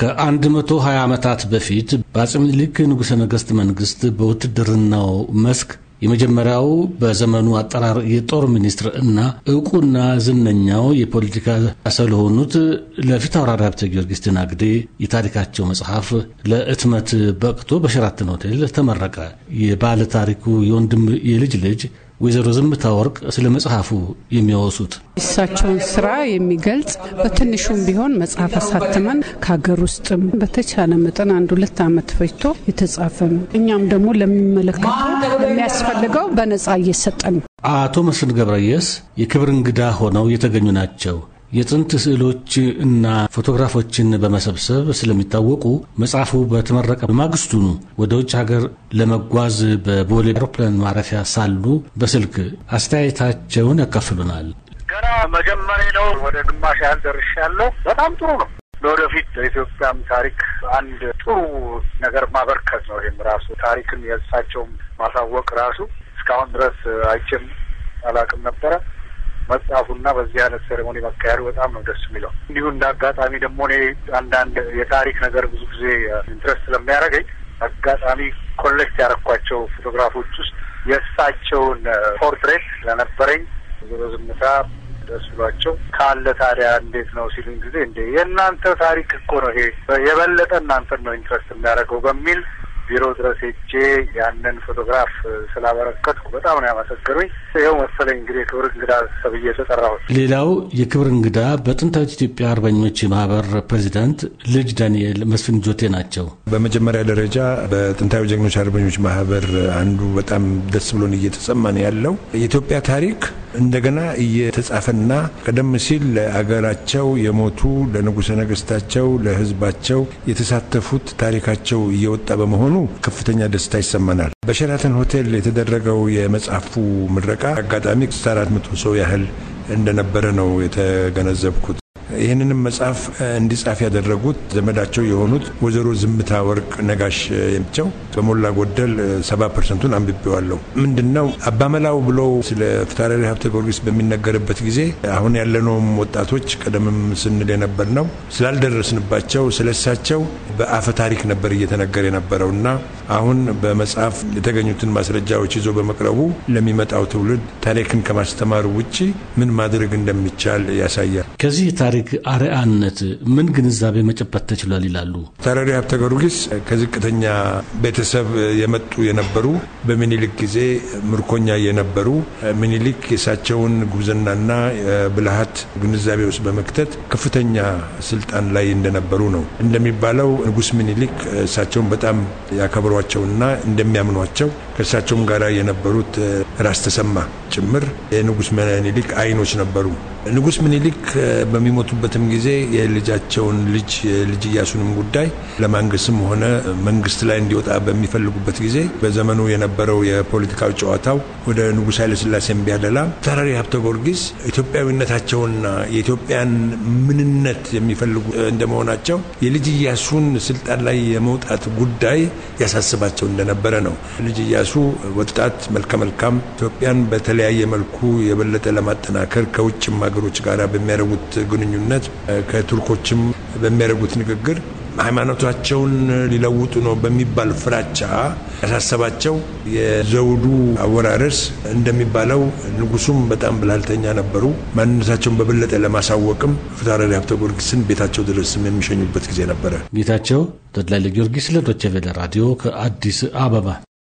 ከ120 ዓመታት በፊት በአጼ ምኒልክ ንጉሠ ነገሥት መንግሥት በውትድርናው መስክ የመጀመሪያው በዘመኑ አጠራር የጦር ሚኒስትር እና እውቁና ዝነኛው የፖለቲካ ሰው ለሆኑት ለፊት አውራሪ ሀብተ ጊዮርጊስ ድናግዴ የታሪካቸው መጽሐፍ ለእትመት በቅቶ በሸራትን ሆቴል ተመረቀ። የባለ ታሪኩ የወንድም የልጅ ልጅ ወይዘሮ ዝምታ ወርቅ ስለ መጽሐፉ የሚያወሱት የእሳቸውን ስራ የሚገልጽ በትንሹም ቢሆን መጽሐፍ አሳትመን ከሀገር ውስጥም በተቻለ መጠን አንድ ሁለት ዓመት ፈጅቶ የተጻፈ ነው። እኛም ደግሞ ለሚመለከቱ ለሚያስፈልገው በነጻ እየሰጠ ነው። አቶ መስፍን ገብረየስ የክብር እንግዳ ሆነው የተገኙ ናቸው። የጥንት ስዕሎች እና ፎቶግራፎችን በመሰብሰብ ስለሚታወቁ መጽሐፉ በተመረቀ በማግስቱኑ ወደ ውጭ ሀገር ለመጓዝ በቦሌ አውሮፕላን ማረፊያ ሳሉ በስልክ አስተያየታቸውን ያካፍሉናል። ገና መጀመሪያ ነው። ወደ ግማሽ ያህል ደርሻለሁ። በጣም ጥሩ ነው። ለወደፊት ለኢትዮጵያም ታሪክ አንድ ጥሩ ነገር ማበርከት ነው። ይህም ራሱ ታሪክን የእሳቸውም ማሳወቅ ራሱ እስካሁን ድረስ አይቼም አላውቅም ነበረ መጽሐፉና በዚህ አይነት ሴሬሞኒ መካሄዱ በጣም ነው ደስ የሚለው። እንዲሁ እንደ አጋጣሚ ደግሞ እኔ አንዳንድ የታሪክ ነገር ብዙ ጊዜ ኢንትረስት ስለሚያደርገኝ አጋጣሚ ኮሌክት ያደረኳቸው ፎቶግራፎች ውስጥ የእሳቸውን ፖርትሬት ስለነበረኝ ዝምታ ደስ ብሏቸው ካለ ታዲያ እንዴት ነው ሲሉኝ ጊዜ እንደ የእናንተ ታሪክ እኮ ነው ይሄ የበለጠ እናንተን ነው ኢንትረስት የሚያደርገው በሚል ቢሮ ድረስ ሄጄ ያንን ፎቶግራፍ ስላበረከትኩ በጣም ነው ያመሰገኑኝ። ይኸው መሰለኝ እንግዲህ የክብር እንግዳ ተብዬ የተጠራሁት። ሌላው የክብር እንግዳ በጥንታዊት ኢትዮጵያ አርበኞች ማህበር ፕሬዚዳንት ልጅ ዳንኤል መስፍን ጆቴ ናቸው። በመጀመሪያ ደረጃ በጥንታዊ ጀግኖች አርበኞች ማህበር አንዱ በጣም ደስ ብሎን እየተሰማን ያለው የኢትዮጵያ ታሪክ እንደገና እየተጻፈና ቀደም ሲል ለአገራቸው የሞቱ ለንጉሠ ነገሥታቸው ለሕዝባቸው የተሳተፉት ታሪካቸው እየወጣ በመሆኑ ከፍተኛ ደስታ ይሰማናል። በሸራተን ሆቴል የተደረገው የመጽሐፉ ምረቃ አጋጣሚ እስከ ሰው ያህል እንደነበረ ነው የተገነዘብኩት። ይህንንም መጽሐፍ እንዲጻፍ ያደረጉት ዘመዳቸው የሆኑት ወይዘሮ ዝምታ ወርቅ ነጋሽ ናቸው። በሞላ ጎደል ሰባ ፐርሰንቱን አንብቤዋለሁ። ምንድን ነው አባመላው ብሎ ስለ ፍትሐርያዊ ሀብተ ጊዮርጊስ በሚነገርበት ጊዜ አሁን ያለነውም ወጣቶች ቀደምም ስንል የነበር ነው ስላልደረስንባቸው ስለሳቸው በአፈ ታሪክ ነበር የነበረው የነበረውና አሁን በመጽሐፍ የተገኙትን ማስረጃዎች ይዞ በመቅረቡ ለሚመጣው ትውልድ ታሪክን ከማስተማሩ ውጭ ምን ማድረግ እንደሚቻል ያሳያል። ከዚህ የታሪክ አርአያነት ምን ግንዛቤ መጨበጥ ተችሏል ይላሉ ታራሪ ሀብተ ጊዮርጊስ። ከዝቅተኛ ቤተሰብ የመጡ የነበሩ በሚኒሊክ ጊዜ ምርኮኛ የነበሩ ሚኒሊክ የእሳቸውን ጉብዝናና ብልሃት ግንዛቤ ውስጥ በመክተት ከፍተኛ ስልጣን ላይ እንደነበሩ ነው። እንደሚባለው ንጉስ ሚኒሊክ እሳቸውን በጣም ያከብረዋል እንደሚያምኗቸውና እንደሚያምኗቸው ከእሳቸውም ጋር የነበሩት ራስ ተሰማ ጭምር የንጉስ ምኒልክ አይኖች ነበሩ። ንጉስ ምኒልክ በሚሞቱበትም ጊዜ የልጃቸውን ልጅ ልጅ እያሱንም ጉዳይ ለማንገስም ሆነ መንግስት ላይ እንዲወጣ በሚፈልጉበት ጊዜ በዘመኑ የነበረው የፖለቲካው ጨዋታው ወደ ንጉስ ኃይለስላሴ ቢያደላ ተራሪ ሀብተ ጊዮርጊስ ኢትዮጵያዊነታቸውና የኢትዮጵያን ምንነት የሚፈልጉ እንደመሆናቸው የልጅ እያሱን ስልጣን ላይ የመውጣት ጉዳይ ያሳስባቸው እንደነበረ ነው። ልጅ እያሱ ወጣት መልከ መልካም ኢትዮጵያን በተለ በተለያየ መልኩ የበለጠ ለማጠናከር ከውጭም ሀገሮች ጋር በሚያደርጉት ግንኙነት ከቱርኮችም በሚያደርጉት ንግግር ሃይማኖታቸውን ሊለውጡ ነው በሚባል ፍራቻ ያሳሰባቸው የዘውዱ አወራረስ እንደሚባለው ንጉሱም በጣም ብላልተኛ ነበሩ። ማንነታቸውን በበለጠ ለማሳወቅም ፍታረሪ ሀብተ ጊዮርጊስን ቤታቸው ድረስም የሚሸኙበት ጊዜ ነበረ። ጌታቸው ተድላ ጊዮርጊስ ለዶቼ ቬለ ራዲዮ ከአዲስ አበባ